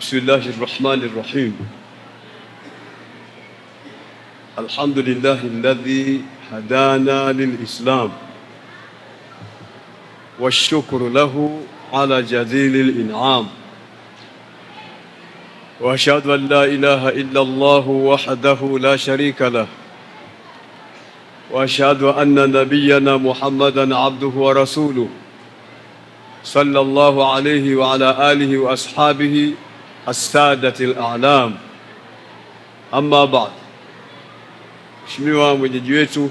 بسم الله الرحمن الرحيم الحمد لله الذي هدانا للإسلام والشكر له على جزيل الإنعام وأشهد أن لا إله إلا الله وحده لا شريك له وأشهد أن نبينا محمدا عبده ورسوله صلى الله عليه وعلى آله وأصحابه السادة الأعلام أما بعد شميوا مجدويته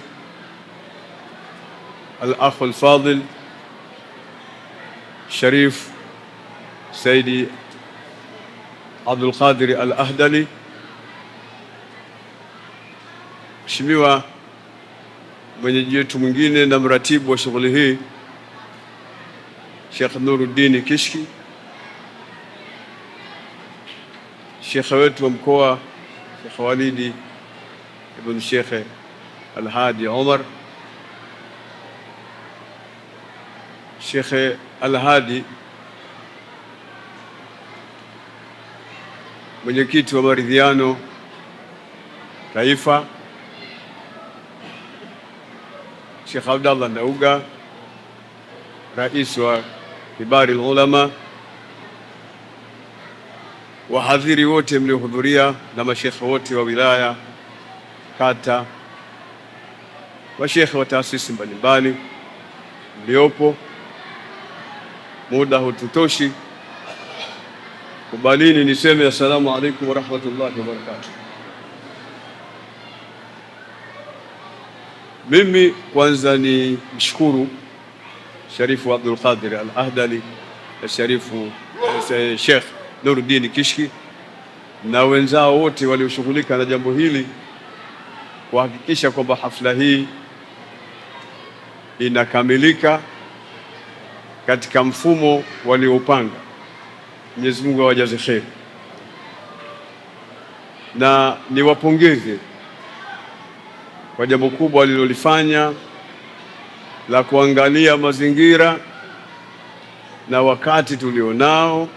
الأخ الفاضل شريف سيدي عبد القادر الأهدلي شميوا مجدويته مجيني نمرتيب وشغله Sheikh Nuruddin Kishki, shekhe wetu wa mkoa Sheikh Walidi ibn Sheikh Alhadi Omar. Sheikh Alhadi mwenyekiti wa maridhiano taifa, Sheikh Abdallah Nauga rais wa kibari ulama, wahadhiri wote mliohudhuria na mashekhe wote wa wilaya, kata, mashekhe wa taasisi mbalimbali mliopo, muda hututoshi. Kubalini niseme assalamu alaikum warahmatullahi wabarakatuh. Mimi kwanza ni mshukuru Sharifu Abdul Qadir Al Ahdali, Sharifu eh, Sheikh Nuruddin Kishki na wenzao wote walioshughulika na jambo hili kuhakikisha kwamba hafla hii inakamilika katika mfumo walioupanga. Mwenyezi Mungu awajaze kheri, na niwapongeze kwa jambo kubwa walilolifanya la kuangalia mazingira na wakati tulionao,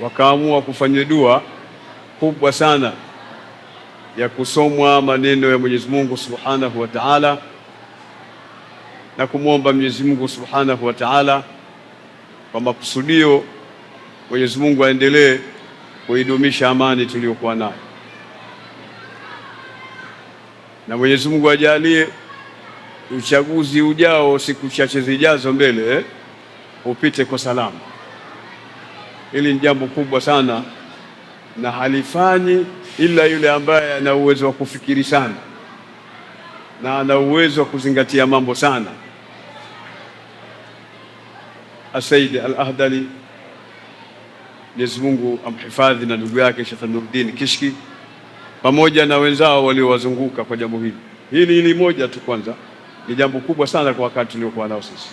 wakaamua kufanya dua kubwa sana ya kusomwa maneno ya Mwenyezi Mungu Subhanahu wa Ta'ala na kumwomba Mwenyezi Mungu Subhanahu wa Ta'ala kwa makusudio, Mwenyezi Mungu aendelee kuidumisha amani tuliyokuwa nayo na Mwenyezi Mungu ajalie uchaguzi ujao siku chache zijazo mbele eh, upite kwa salama. Hili ni jambo kubwa sana, na halifanyi ila yule ambaye ana uwezo wa kufikiri sana na ana uwezo wa kuzingatia mambo sana. Asaidi Al-Ahdali, Mwenyezi Mungu amhifadhi, na ndugu yake Sheikh Nuruddin Kishki pamoja na wenzao waliowazunguka kwa jambo hili. Hili ni moja tu kwanza ni jambo kubwa sana kwa wakati tuliokuwa nao sisi.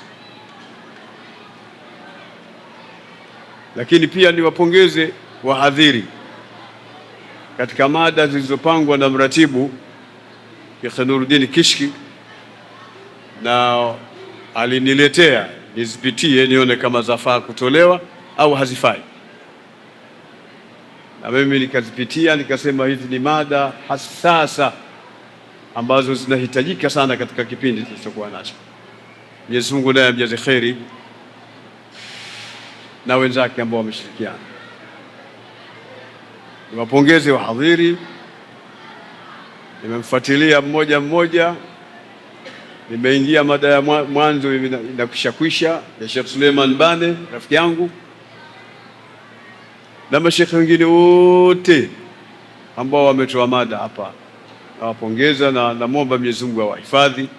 Lakini pia niwapongeze wahadhiri katika mada zilizopangwa na mratibu Sheikh Nuruddin Kishki, na aliniletea nizipitie nione kama zafaa kutolewa au hazifai, na mimi nikazipitia nikasema hizi ni mada hasasa ambazo zinahitajika sana katika kipindi tulichokuwa nacho. Mwenyezi Mungu naye amjaze kheri na wenzake ambao wameshirikiana. Niwapongeze wahadhiri, nimemfuatilia mmoja mmoja, nimeingia mada ya mwanzo inakwisha kwisha ya Sheikh Suleiman Bane rafiki yangu na mashekhe wengine wote ambao wametoa mada hapa nawapongeza na namwomba Mwenyezi Mungu awahifadhi,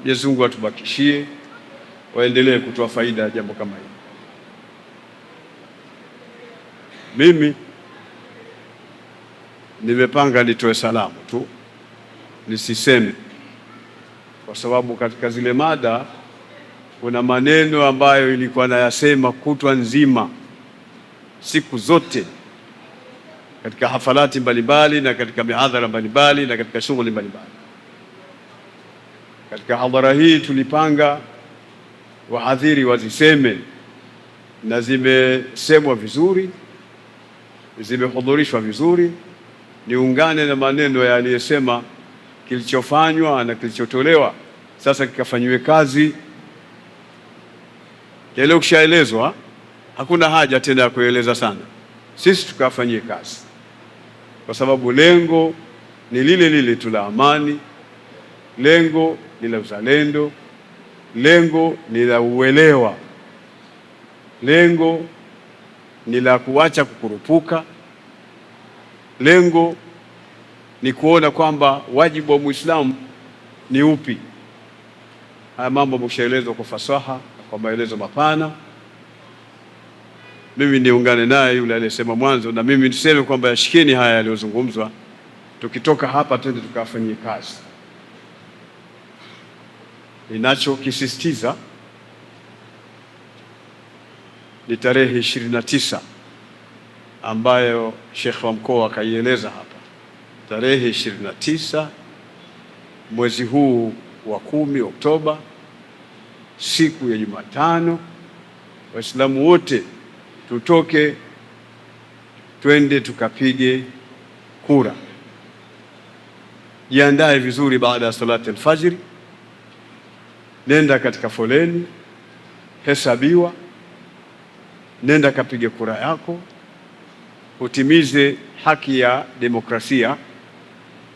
Mwenyezi Mungu atubakishie, waendelee kutoa faida ya jambo kama hili. Mimi nimepanga nitoe salamu tu nisiseme, kwa sababu katika zile mada kuna maneno ambayo ilikuwa nayasema kutwa nzima siku zote katika hafalati mbalimbali na katika mihadhara mbalimbali na katika shughuli mbalimbali. Katika hadhara hii tulipanga wahadhiri waziseme, na zimesemwa vizuri, zimehudhurishwa vizuri. Niungane na maneno ya aliyesema, kilichofanywa na kilichotolewa sasa kikafanyiwe kazi. Yale hakuna haja tena ya kueleza sana, sisi tukafanyie kazi kwa sababu lengo ni lile lile tu la amani, lengo ni la uzalendo, lengo ni la uelewa, lengo ni la kuacha kukurupuka, lengo ni kuona kwamba wajibu wa Muislamu ni upi. Haya mambo ameshaelezwa kwa fasaha, kwa maelezo mapana mimi niungane naye yule aliyesema mwanzo, na mimi niseme kwamba yashikeni haya yaliyozungumzwa, tukitoka hapa twende tukafanyie kazi. Ninachokisisitiza ni tarehe ishirini na tisa ambayo Sheikh wa mkoa akaieleza hapa, tarehe ishirini na tisa mwezi huu wa kumi, Oktoba, siku ya Jumatano, Waislamu wote tutoke twende tukapige kura. Jiandae vizuri, baada ya salati alfajiri, nenda katika foleni, hesabiwa, nenda kapige kura yako, utimize haki ya demokrasia,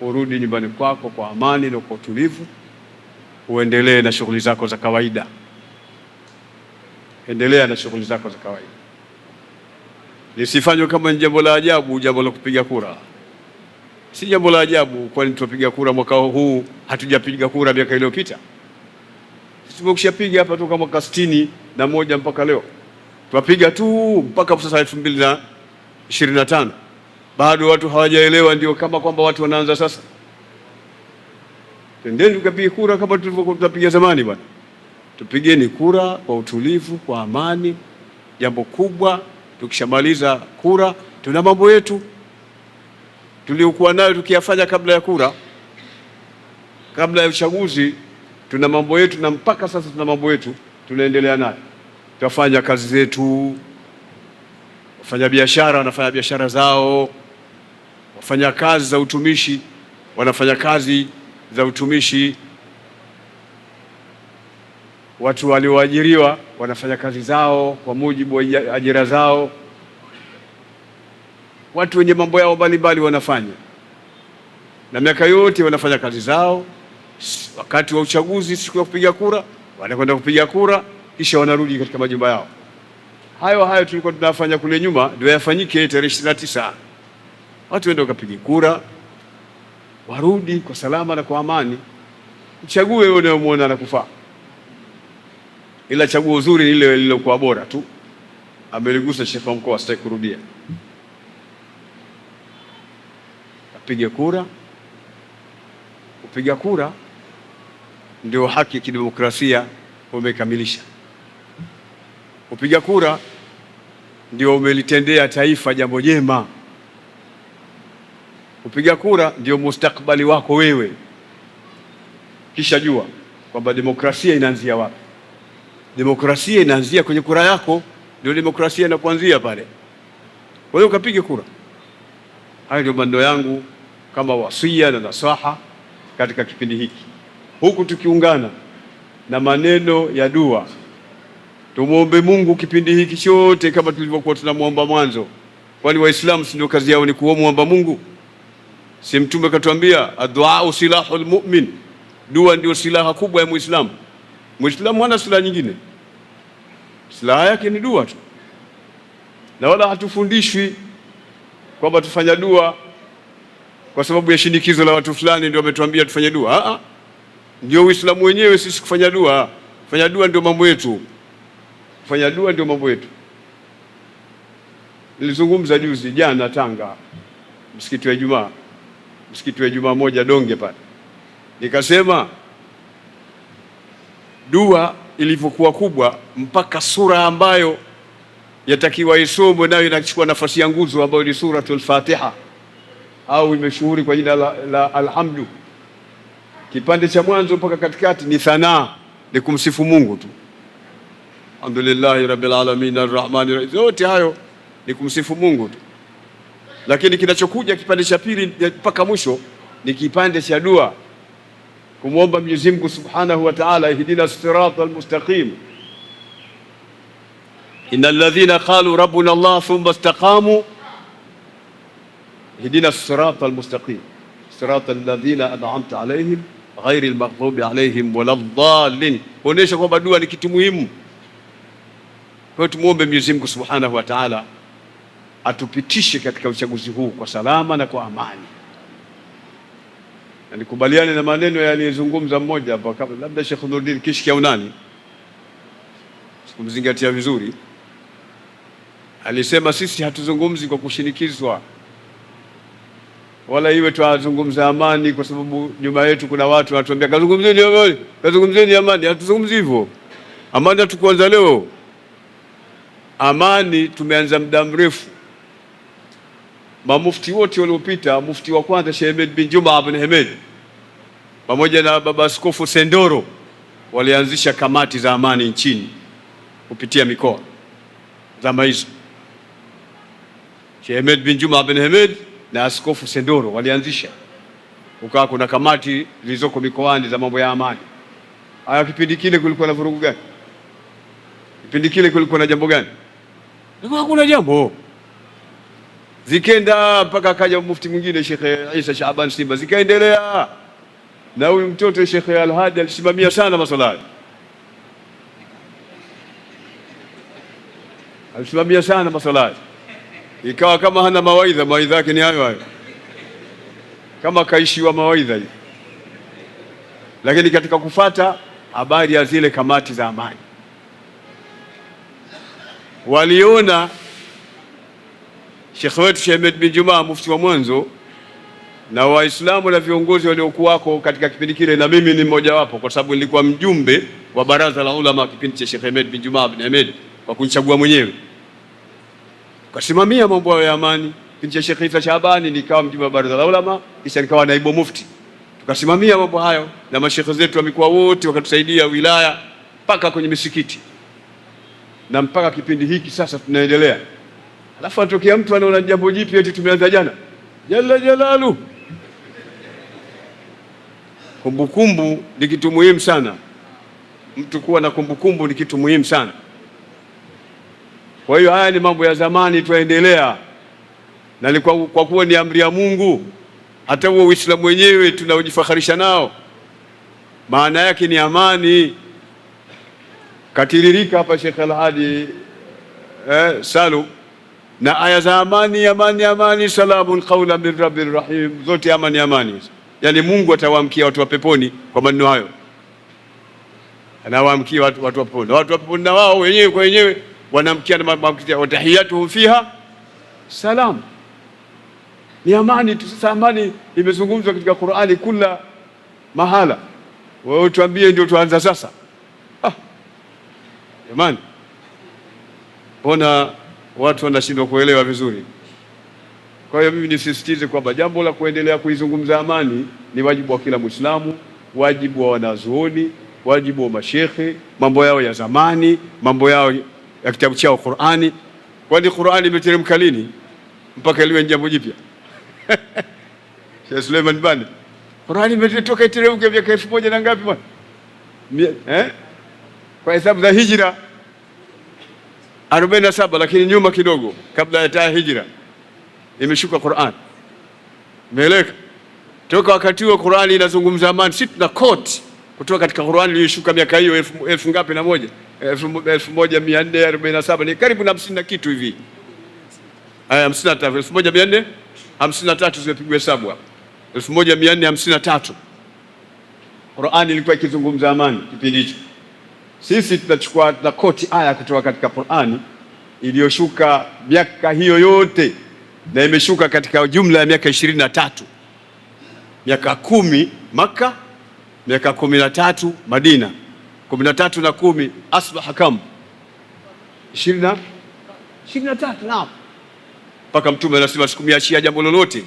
urudi nyumbani kwako kwa amani na kwa utulivu, uendelee na shughuli zako za kawaida. Endelea na shughuli zako za kawaida lisifanywe kama ni jambo la ajabu, jambo la kupiga kura. Si jambo la ajabu, kwani tupiga kura mwaka huu? Hatujapiga kura miaka iliyopita? piga hapa toka mwaka sitini na moja mpaka leo, twapiga tu mpaka sasa elfu mbili na ishirini na tano bado watu hawajaelewa, ndio kama kwamba watu wanaanza sasa. Tendeni tukapiga kura kama tulivyokuwa tunapiga zamani bwana. Tupigeni kura kwa utulivu, kwa amani, jambo kubwa Tukishamaliza kura, tuna mambo yetu tuliokuwa nayo tukiyafanya kabla ya kura, kabla ya uchaguzi, tuna mambo yetu, na mpaka sasa tuna mambo yetu tunaendelea nayo. Tutafanya kazi zetu, wafanyabiashara wanafanya biashara zao, wafanya kazi za utumishi wanafanya kazi za utumishi, watu walioajiriwa wanafanya kazi zao kwa mujibu wa ajira zao. Watu wenye mambo yao mbalimbali wanafanya, na miaka yote wanafanya kazi zao. Wakati wa uchaguzi, siku ya kupiga kura, wanakwenda kupiga kura, kisha wanarudi katika majumba yao. Hayo hayo tulikuwa tunafanya kule nyuma, ndio yafanyike tarehe 29, watu waende wakapiga kura, warudi kwa salama na kwa amani. Mchague yule unayemwona anakufaa ila chaguo zuri lile lililokuwa bora tu ameligusa Sheikh wa mkoa, sitaki kurudia. Apige kura, kupiga kura ndio haki ya kidemokrasia umekamilisha. Kupiga kura ndio umelitendea taifa jambo jema. Kupiga kura ndio mustakbali wako wewe. Kisha jua kwamba demokrasia inaanzia wapi. Demokrasia inaanzia kwenye kura yako, ndio demokrasia inakuanzia pale. Kwa hiyo ukapige kura. Hayo ndio maneno yangu kama wasia na nasaha katika kipindi hiki, huku tukiungana na maneno ya dua. Tumwombe Mungu kipindi hiki chote kama tulivyokuwa tunamwomba mwanzo, kwani Waislamu si ndio kazi yao ni kuomba Mungu? Si Mtume katuambia adduau silahul mu'min, dua ndio silaha kubwa ya Muislamu. Mwislamu hana silaha nyingine, silaha yake ni dua tu, na wala hatufundishwi kwamba tufanya dua kwa sababu ya shinikizo la watu fulani ndio wametuambia tufanye dua. Ndio Uislamu wenyewe sisi kufanya dua, kufanya dua ndio mambo yetu, kufanya dua ndio mambo yetu. Nilizungumza juzi jana Tanga, msikiti wa Ijumaa, msikiti wa Ijumaa moja Donge pale, nikasema dua ilivyokuwa kubwa mpaka sura ambayo yatakiwa isomwe nayo inachukua nafasi ya nguzo ambayo ni Suratul Fatiha au imeshuhuri kwa jina la, la alhamdu. Kipande cha mwanzo mpaka katikati ni thanaa, ni kumsifu Mungu tu, alhamdulillahi rabbil alamin arrahmani rahim, yote hayo ni kumsifu Mungu tu. Lakini kinachokuja kipande cha pili mpaka mwisho ni kipande cha dua kumwomba Mwenyezi Mungu Subhanahu wa Ta'ala, ihdina sirata almustaqim innal ladhina qalu rabbuna Allah thumma istaqamu ihdina sirata almustaqim sirata alladhina an'amta alayhim ghairi almaghdubi alayhim waladdallin. Kuonyesha kwamba dua ni kitu muhimu. Kwa hiyo tumwombe Mwenyezi Mungu Subhanahu wa Ta'ala atupitishe katika uchaguzi huu kwa salama na kwa amani na nikubaliane na maneno yaliyezungumza mmoja hapa, labda Sheikh Nuruddin Kishki au nani, sikumzingatia vizuri, alisema sisi hatuzungumzi kwa kushinikizwa, wala iwe twazungumza amani, kwa sababu nyuma yetu kuna watu wanatuambia kazungumzeni amani, kazungumzeni amani. Hatuzungumzi hivyo. Amani hatukuanza leo, amani tumeanza muda mrefu Mamufti wote waliopita, mufti wa kwanza Sheikh Ahmed bin Juma bin Hemed pamoja na baba askofu Sendoro walianzisha kamati za amani nchini kupitia mikoa zama hizo. Sheikh Ahmed bin Juma bin Hemed na askofu Sendoro walianzisha, ukawa kuna kamati zilizoko mikoani za mambo ya amani. Haya, kipindi kile kulikuwa na vurugu gani? Kipindi kile kulikuwa na jambo gani? Hakuna jambo zikenda mpaka akaja mufti mwingine Shekhe Isa Shaaban Simba, zikaendelea na huyu mtoto Shekhe Alhadi alisimamia sana masalani, alisimamia sana masalani, ikawa kama hana mawaidha, mawaidha yake ni hayo hayo, kama kaishiwa mawaidha hiyo. Lakini katika kufata habari ya zile kamati za amani waliona Sheikh wetu Sheikh Ahmed bin Juma mufti wa mwanzo na Waislamu na viongozi waliokuwako katika kipindi kile, na mimi ni mmoja wapo, kwa sababu nilikuwa mjumbe wa baraza la ulama kipindi cha Sheikh Ahmed bin Juma bin Ahmed kwa kunichagua mwenyewe, kasimamia mambo ya amani. Kipindi cha Sheikh Isa Shabani nikawa mjumbe wa baraza la ulama, kisha nikawa naibu mufti, tukasimamia mambo hayo, na mashekhe zetu wa mikoa wote wakatusaidia, wilaya mpaka kwenye misikiti, na mpaka kipindi hiki sasa tunaendelea alafu atokea mtu anaona jambo jipya eti tumeanza jana. Jalla jalalu. Kumbukumbu ni kitu muhimu sana, mtu kuwa na kumbukumbu ni kitu muhimu sana. Kwa hiyo haya ni mambo ya zamani, twaendelea na ni kwa, kwa kuwa ni amri ya Mungu. Hata huo Uislamu wenyewe tunaojifakharisha nao maana yake ni amani. Katiririka hapa Sheikh Alhadi eh, Salum na aya za amani amani amani, salamun qaula min rabbir rahim, zote amani amani. Yani Mungu atawaamkia watu wa peponi kwa maneno hayo, anawaamkia watu, watu wa peponi. Watu wa peponi na wao wenyewe kwa wenyewe wanaamkia watahiyatuhum fiha salam, ni amani tu. Sasa amani imezungumzwa katika Qur'ani kula mahala, wewe tuambie ndio tuanza sasa? Ah, jamani, mbona watu wanashindwa kuelewa vizuri. Kwa hiyo mimi nisisitize kwamba jambo la kuendelea kuizungumza amani ni wajibu wa kila Mwislamu, wajibu wa wanazuoni, wajibu wa mashekhe, mambo yao ya zamani, mambo yao ya kitabu chao Qur'ani. Kwani Qur'ani imeteremka lini mpaka liwe jambo jipya? Sheikh Suleiman Bane, Qur'ani imetoka iteremke miaka elfu moja na ngapi bwana eh? kwa hesabu za hijra 47 lakini nyuma kidogo, kabla ya taa hijra imeshuka Qur'an. Meleka toka wakati huo Qur'an inazungumza amani, si tuna quote kutoka katika Qur'an iliyoshuka miaka hiyo elfu, elfu ngapi na moja elfu moja mia nne arobaini na saba ni karibu na hamsini na kitu hivi, hamsini na tatu elfu moja mia nne hamsini na tatu zimepigwa hesabu hapa, elfu moja mia nne hamsini na tatu Qur'an ilikuwa ikizungumza amani kipindi hicho. Sisi tunachukua na koti aya kutoka katika Qur'ani iliyoshuka miaka hiyo yote, na imeshuka katika jumla ya miaka ishirini na tatu miaka kumi Maka, miaka kumi na tatu Madina, kumi na tatu na kumi asbaha kam ishirini na tatu na mpaka Mtume anasema sikumiachia jambo lolote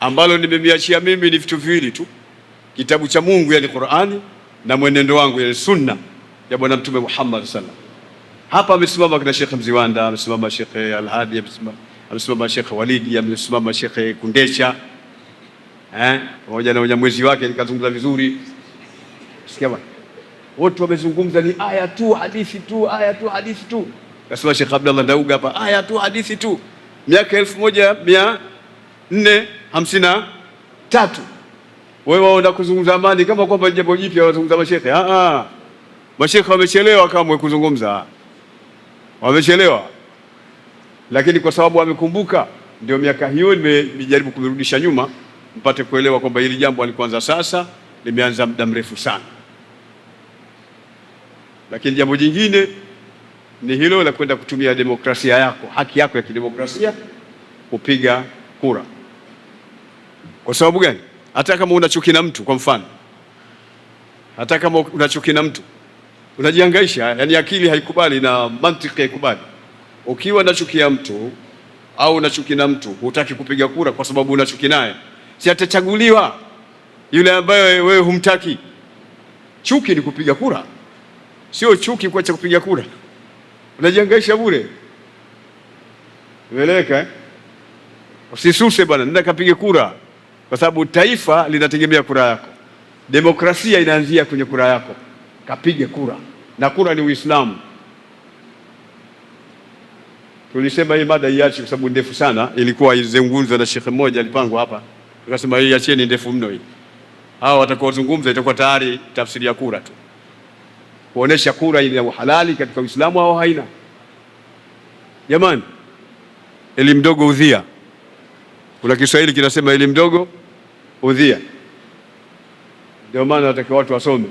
ambalo nimemiachia mimi ni vitu viwili tu, kitabu cha Mungu yani Qur'ani na mwenendo wangu yani sunna ya Bwana Mtume Muhammad sallam. Hapa amesimama kina Shekhe Mziwanda, amesimama Shekhe Alhadi, amesimama Shekhe Walidi, amesimama Shekhe Kundesha eh, pamoja eh, na Unyamwezi wake nikazungumza vizuri, sikia bwana, wote wamezungumza ni aya tu hadithi tu aya tu hadithi tu. Kasema Shekhe Abdallah Ndauga hapa aya tu hadithi tu, miaka elfu moja mia nne hamsini na tatu wewe waona kuzungumza amani kama kwamba jambo jipya, wazungumza mashekhe ah, ah. Mashekhe wamechelewa kamwe kuzungumza, wamechelewa, lakini kwa sababu wamekumbuka, ndio miaka hiyo nimejaribu kumrudisha nyuma mpate kuelewa kwamba hili jambo alikuanza sasa, limeanza muda mrefu sana. Lakini jambo jingine ni hilo la kwenda kutumia demokrasia yako, haki yako ya kidemokrasia kupiga kura. Kwa sababu gani? Hata kama una chuki na mtu, kwa mfano, hata kama una chuki na mtu unajihangaisha, yani akili haikubali na mantiki haikubali. Ukiwa nachukia mtu au nachuki na mtu, hutaki kupiga kura kwa sababu unachuki naye, si atachaguliwa yule ambaye wewe humtaki. Chuki ni kupiga kura, sio chuki kwa cha kupiga kura. Unajihangaisha bure, umeeleweka eh? Usisuse bwana, nenda kapige kura, kwa sababu taifa linategemea kura yako. Demokrasia inaanzia kwenye kura yako kapige kura, na kura ni Uislamu. Tulisema hii mada iache kwa sababu ndefu sana, ilikuwa izungumzwa na shekhe mmoja alipangwa hapa, tukasema hii ni ndefu mno hii. Hawa watakaozungumza itakuwa tayari tafsiri ya kura tu, kuonesha kura ina uhalali katika Uislamu au haina. Jamani, elimu ndogo udhia. Kuna Kiswahili kinasema elimu ndogo udhia, ndio maana natakiwa watu wasome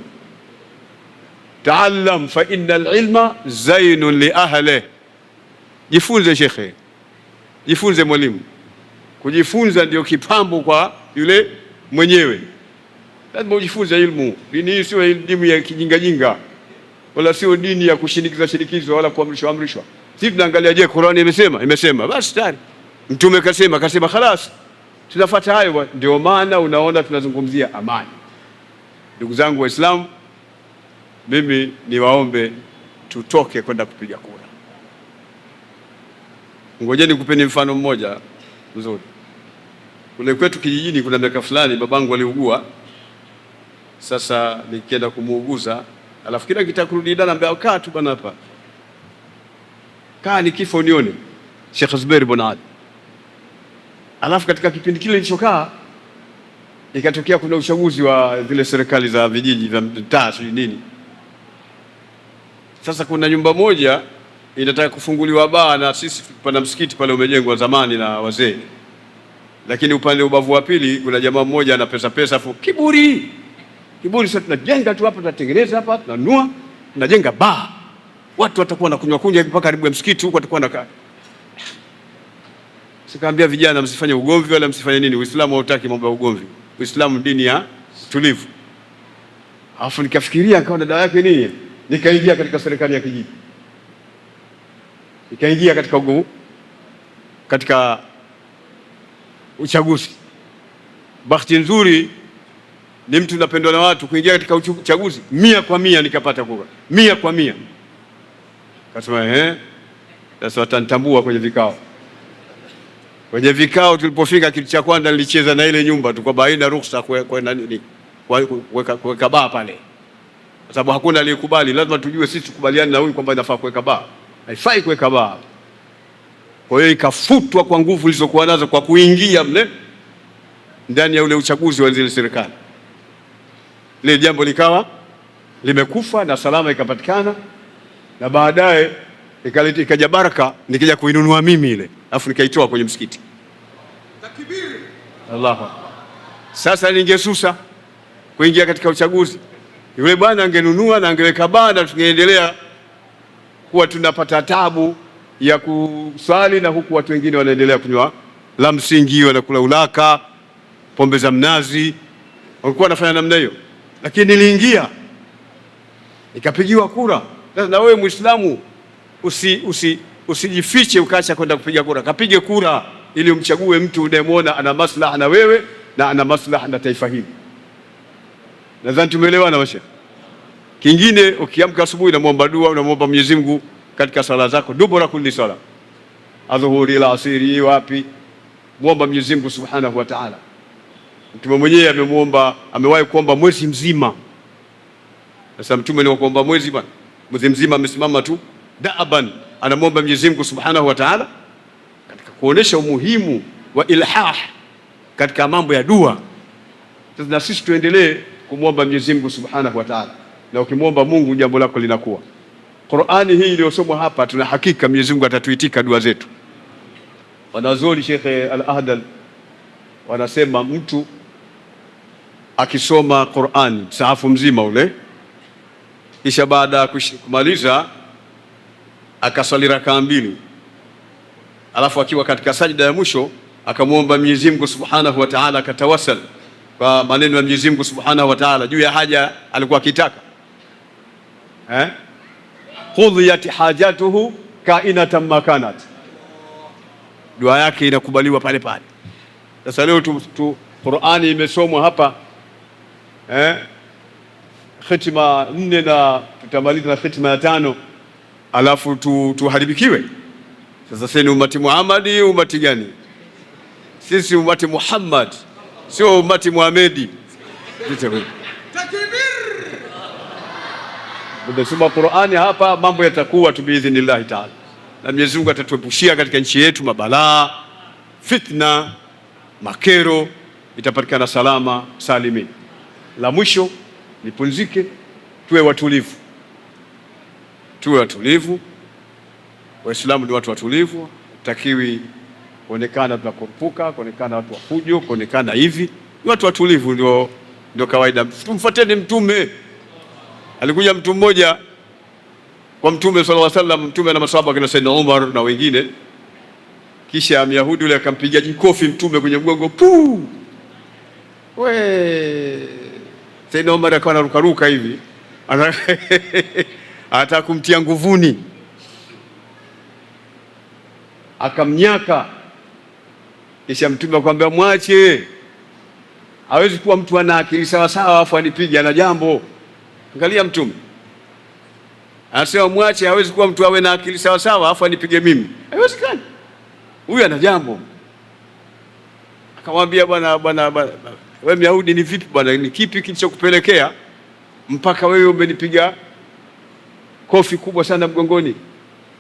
taallam fa innal ilma zainun li ahli. jifunze shekhe, jifunze mwalimu. Kujifunza ndio kipambo kwa yule mwenyewe, lazima ujifunze ilmu. Dini hii sio elimu ya kijingajinga, wala sio dini ya kushinikiza shinikizo wala kuamrishwa amrishwa. Sisi tunaangalia, je, Qur'ani imesema? Imesema, basi tayari. Mtume kasema, kasema, khalas, tunafuata hayo. Ndio maana unaona tunazungumzia amani, ndugu zangu Waislamu mimi niwaombe tutoke kwenda kupiga kura. ngojeni kupeni mfano mmoja mzuri. Kule kwetu kijijini, kuna miaka fulani babangu aliugua. Sasa nikienda kumuuguza, alafu kila kurudi dada ambaye kaa tu bwana hapa, kaa ni kifo nione. Sheikh Zuberi Bonaad. Alafu katika kipindi kile nilichokaa ikatokea kuna uchaguzi wa zile serikali za vijiji vya mtaa sijui nini sasa kuna nyumba moja inataka kufunguliwa baa, na sisi pana msikiti pale umejengwa zamani na wazee, lakini upande ubavu wa pili kuna jamaa mmoja ana pesa pesa, afu kiburi kiburi. Sasa tunajenga tu hapa, tunatengeneza hapa, tunanua, tunajenga baa, watu watakuwa na kunywa kunywa mpaka karibu ya msikiti huko, watakuwa na Sikaambia vijana msifanye ugomvi wala msifanye nini. Uislamu hautaki mambo ya ugomvi. Uislamu dini ya tulivu. Alafu nikafikiria, akawa dawa yake nini nikaingia katika serikali ya kijiji, nikaingia katika ugu, katika uchaguzi. Bahati nzuri ni mtu napendwa na watu, kuingia katika uchaguzi mia kwa mia nikapata kura mia kwa mia. Kasema ehe, sasa watanitambua kwenye vikao. Kwenye vikao tulipofika, kitu cha kwanza nilicheza na ile nyumba tu, kwamba haina ruhusa kuweka baa pale kwa sababu hakuna aliyekubali. Lazima tujue sisi tukubaliane na huyu kwamba inafaa kuweka baa, haifai kuweka baa. Kwa hiyo ikafutwa kwa nguvu ilizokuwa nazo kwa kuingia mle ndani ya ule uchaguzi wa zile serikali, lile jambo likawa limekufa na salama ikapatikana, na baadaye ikaja baraka, nikija kuinunua mimi ile afu nikaitoa kwenye msikiti. Takbiri! Allahu! Sasa ningesusa kuingia katika uchaguzi yule bwana angenunua na angeweka banda, tungeendelea kuwa tunapata tabu ya kusali na huku watu wengine wanaendelea kunywa la msingi, wanakula ulaka, pombe za mnazi, walikuwa wanafanya namna hiyo. Lakini niliingia nikapigiwa kura. Sasa na wewe Muislamu usi, usi, usijifiche ukaacha kwenda kupiga kura, kapige kura ili umchague mtu unayemwona ana maslaha na wewe na ana maslaha na taifa hili. Nadhani tumeelewana washa. Kingine ukiamka asubuhi unamwomba dua, unamwomba Mwenyezi Mungu katika sala zako, la kulli sala, adhuhuri la asiri, wapi, muomba Mwenyezi Mungu Subhanahu wa Ta'ala. Mtume mwenyewe amemuomba, amewahi kuomba mwezi mzima. Sasa mtume ni kuomba mwezi bwana, mwezi mzima amesimama tu daaban, anamwomba Mwenyezi Mungu Subhanahu wa Ta'ala, katika kuonesha umuhimu wa ilhah katika mambo ya dua. Sasa na sisi tuendelee kumwomba Mwenyezi Mungu Subhanahu wa Ta'ala, na ukimwomba Mungu jambo lako linakuwa. Qur'ani hii iliyosomwa hapa, tuna hakika Mwenyezi Mungu atatuitika dua zetu. Wanazuoni Shekhe Al-Ahdal wanasema mtu akisoma Qur'ani saafu mzima ule, kisha baada ya kumaliza akasali rakaa mbili, alafu akiwa katika sajda ya mwisho akamwomba Mwenyezi Mungu Subhanahu wa Ta'ala, akatawasal kwa maneno ya Mwenyezi Mungu Subhanahu wa Ta'ala juu ya haja alikuwa akitaka eh, qudhiyat hajatuhu kainatan makanat, dua yake inakubaliwa pale pale. Sasa leo tu, tu Qur'ani imesomwa hapa eh, Khitma nne na tutamaliza na khitma ya tano, alafu tuharibikiwe Sasa sisi ni umati Muhammad, umati gani? Sisi umati Muhammad sio umati Muhamedi. Tunasoma Qur'ani hapa, mambo yatakuwa tu biidhnillahi taala, na Mwenyezi Mungu atatuepushia katika nchi yetu mabalaa, fitna, makero, itapatikana salama salimini. La mwisho nipunzike, tuwe watulivu, tuwe watulivu. Waislamu ni watu watulivu, takiwi kuonekana tunakurupuka, kuonekana watu wafujo kuonekana hivi. Ni watu watulivu, ndio ndio kawaida. Tumfuateni Mtume. Alikuja mtu mmoja kwa Mtume sallallahu alaihi wasallam, Mtume na masahaba kina Saidna Umar na wengine, kisha Myahudi yule akampiga jikofi Mtume kwenye mgongo pu. we Saidna Umar akawa anarukaruka hivi anataka kumtia nguvuni, akamnyaka kisha mtume akamwambia mwache, hawezi kuwa mtu ana akili sawa sawa afu anipige ana jambo. Angalia mtume anasema mwache, hawezi kuwa mtu awe na akili sawa sawa afu anipige mimi, haiwezekani, huyu ana jambo. Akamwambia bwana, bwana wewe Myahudi, ni vipi bwana, ni kipi kilichokupelekea mpaka wewe umenipiga kofi kubwa sana mgongoni?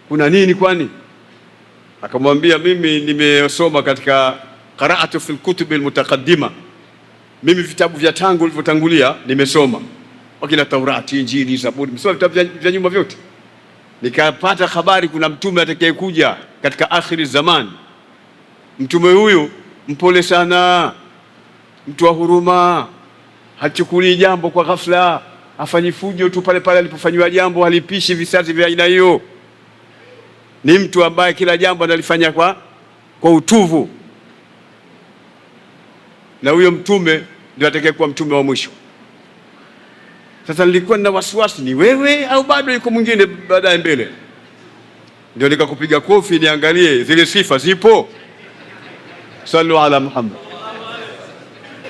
Kuna nini kwani? akamwambia, mimi nimesoma katika qaraatu fil kutubi almutaqaddima, mimi vitabu vya tangu vilivyotangulia nimesoma, wakina Taurati, Injili, Zaburi, nimesoma vitabu vya nyuma vyote, nikapata habari kuna mtume atakayekuja katika akhiri zamani Mtume huyu mpole sana, mtu wa huruma, hachukulii jambo kwa ghafla, afanyi fujo tu pale pale alipofanyiwa jambo, halipishi visazi vya aina hiyo ni mtu ambaye kila jambo analifanya kwa, kwa utuvu, na huyo mtume ndio atakayekuwa mtume wa mwisho. Sasa nilikuwa nina wasiwasi, ni wewe au bado yuko mwingine baadaye mbele? Ndio nikakupiga kofi niangalie zile sifa zipo. Sallu ala Muhammad.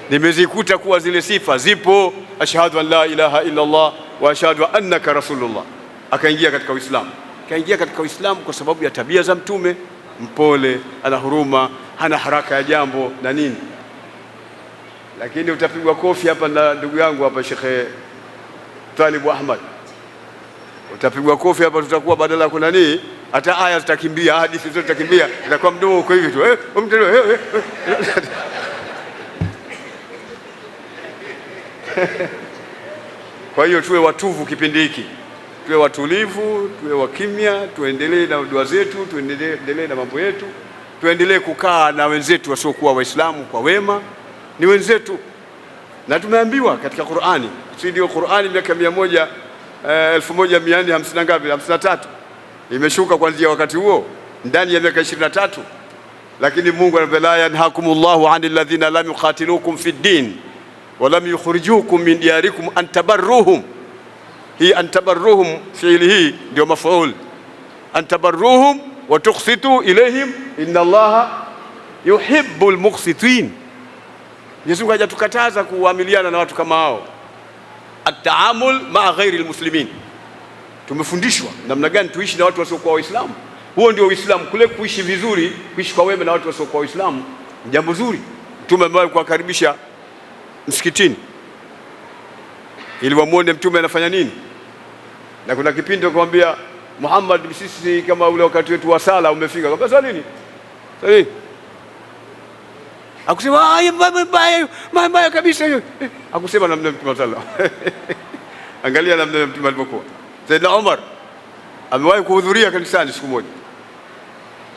Nimezikuta kuwa zile sifa zipo, ashhadu an la ilaha illa Allah wa ashhadu annaka rasulullah, akaingia katika Uislamu kaingia katika Uislamu kwa sababu ya tabia za Mtume, mpole, ana huruma, hana haraka ya jambo na nini. Lakini utapigwa kofi hapa na ndugu yangu hapa Shekhe Talibu Ahmad, utapigwa kofi hapa. Tutakuwa badala ya nini, hata aya zitakimbia, hadithi zote zitakimbia, itakuwa mdomo uko hivi tu eh, eh. eh, eh. Kwa hiyo tuwe watuvu kipindi hiki tuwe watulivu, tuwe wakimya, tuendelee na dua zetu, tuendelee na mambo yetu, tuendelee kukaa na wenzetu wasiokuwa Waislamu kwa wema, ni wenzetu na tumeambiwa katika Qur'ani, si ndio? Qur'ani miaka mia moja eh, elfu moja mia nne hamsini na ngapi, hamsini na tatu imeshuka kuanzia wakati huo ndani ya miaka ishirini na tatu lakini Mungu anasema la llahu ani ladhina lam yuqatilukum fi din walam yukhrijukum min diyarikum an tabarruhum hii antabarruhum, fiili hii ndio mafaul antabarruhum wa tuksitu ilayhim inna Allaha yuhibbu muqsitin. Mwenyezi Mungu hajatukataza kuamiliana na watu kama hao. Ataamul maa ghairi lmuslimin, tumefundishwa namna gani tuishi na watu wasiokuwa Waislamu. Huo ndio Uislamu, kule kuishi vizuri, kuishi kwa wema na watu wasiokuwa Waislamu ni jambo zuri. Mtume ambaye kuwakaribisha msikitini ili wamwone mtume anafanya nini. Na kuna kipindi akamwambia Muhammad, sisi kama ule wakati wetu wa sala umefika, Kwa swali nini, swali akusema ah, mbaya mbaya kabisa hiyo, akusema namna mtume sala. Angalia namna mtume alivyokuwa. Saidna Umar amewahi kuhudhuria kanisani siku moja,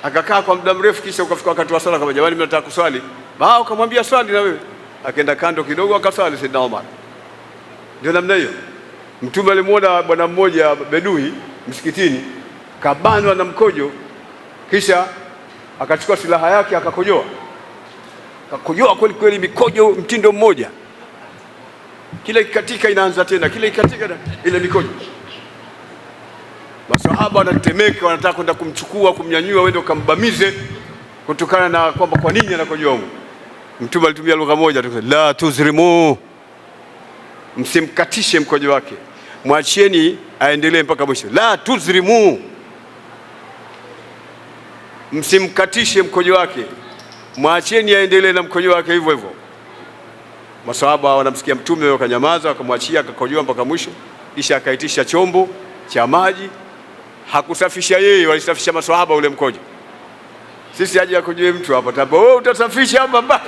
akakaa kwa muda mrefu, kisha ukafika wakati wa sala, kama jamani, mnataka kuswali, ukamwambia swali na wewe, akaenda kando kidogo akaswali Saidna Umar ndio namna hiyo. Mtume alimwona bwana mmoja bedui msikitini kabanwa na mkojo, kisha akachukua silaha yake akakojoa, kakojoa kweli kweli, mikojo mtindo mmoja, kila ikatika inaanza tena, kila ikikatika ile mikojo. Masahaba wanatemeka, wanataka kwenda kumchukua, kumnyanyua, wende ukambamize, kutokana na kwamba kwa nini anakojoa. Mtume alitumia lugha moja tu, la tuzrimu msimkatishe mkojo wake, mwachieni aendelee mpaka mwisho. La tuzrimu, msimkatishe mkojo wake, mwachieni aendelee na mkojo wake hivyo hivyo. Masahaba wanamsikia Mtume wakanyamaza, wakamwachia akakojoa mpaka mwisho, kisha akaitisha chombo cha maji. Hakusafisha yeye, walisafisha masahaba ule mkojo. Sisi aje akojoe mtu hapa, wewe oh, utasafisha hapa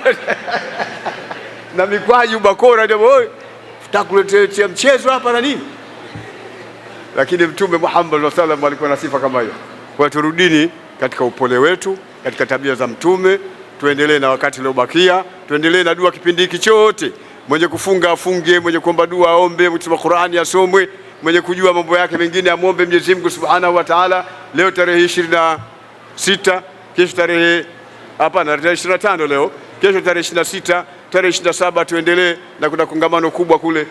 na mikwaju bakora oh, takuletea mchezo hapa na nini, lakini Mtume Muhammad sallallahu alaihi wasallam alikuwa na sifa kama hiyo. Kwa hiyo turudini katika upole wetu, katika tabia za Mtume, tuendelee na wakati uliobakia, tuendelee na dua kipindi hiki chote. Mwenye kufunga afunge, mwenye kuomba dua aombe, mtume Qur'ani asomwe, mwenye kujua mambo yake mengine amwombe Mwenyezi Mungu Subhanahu wa Ta'ala. Leo tarehe 26, kesho tarehe hapana, tarehe 25 leo, kesho tarehe 26 tarehe 27 tuendelee na kuna kongamano kubwa kule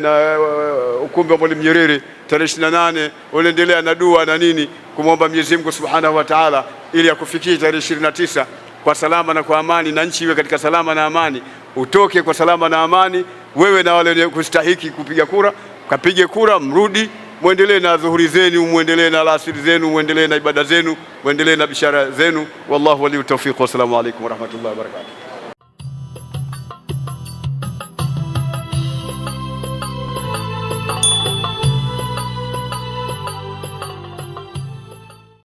na eh, eh, ukumbi wa Mwalimu Nyerere tarehe 28 unaendelea na dua na nini kumwomba Mwenyezi Mungu Subhanahu wa Ta'ala ili akufikie tarehe 29 kwa salama na kwa amani, na nchi iwe katika salama na amani, utoke kwa salama na amani, wewe na wale kustahiki kupiga kura kapige kura, mrudi mwendelee na dhuhuri zenu, mwendelee na alasiri zenu, mwendelee na ibada zenu, mwendelee na bishara zenu. Wallahu waliu tawfiq. wa rahmatullahi wa barakatuh